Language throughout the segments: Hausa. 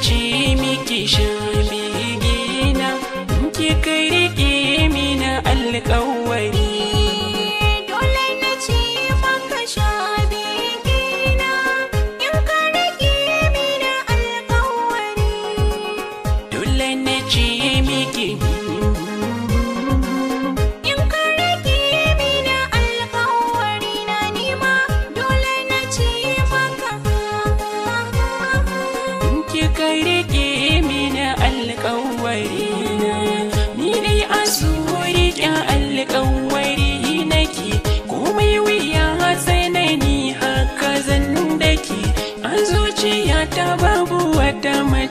ce miki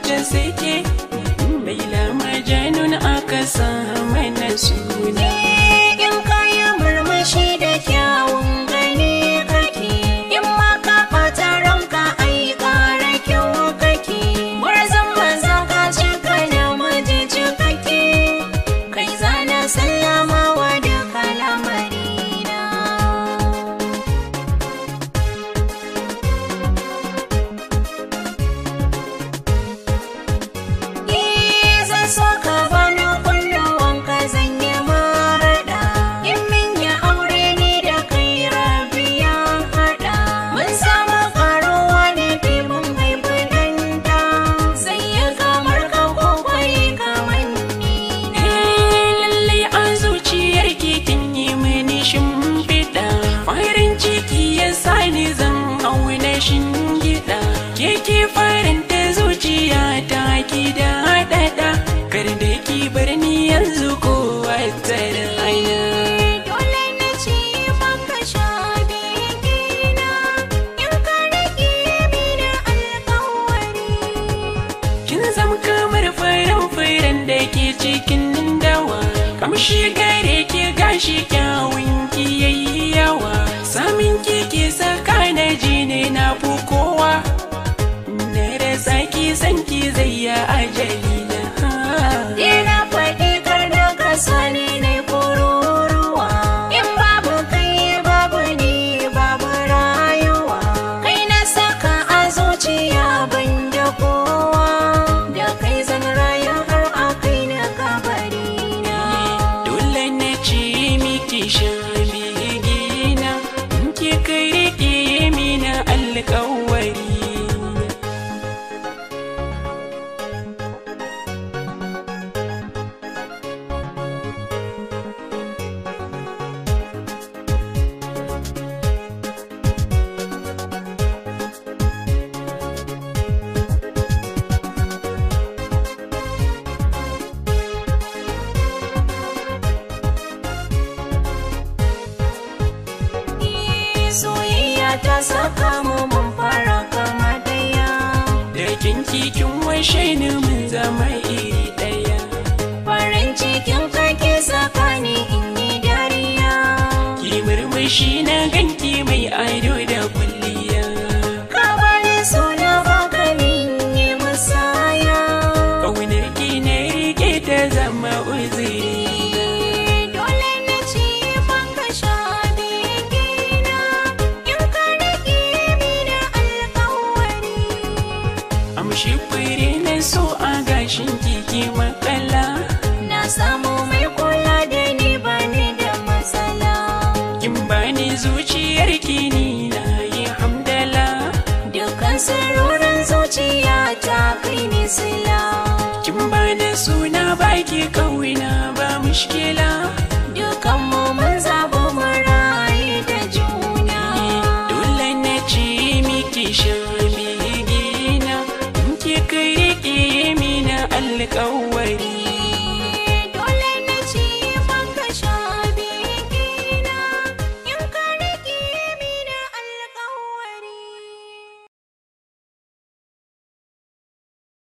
ta sake Laila majanun aka sa mana suna da ke cikin dawa kamshi gare ke gashi kyawun ki yayi yawa samin ki ke saka na ji ne na fukowa na rasa ki zai ya ajali ta saka mu mun fara kama daya da kinki kin wai shaini mun zama zuciya ta kai sila kin ba da suna ba ke kawina ba mushkila dukan mu mun zabo mu rayu da juna dole na ci miki shirmi gina in ki kai mina alƙawari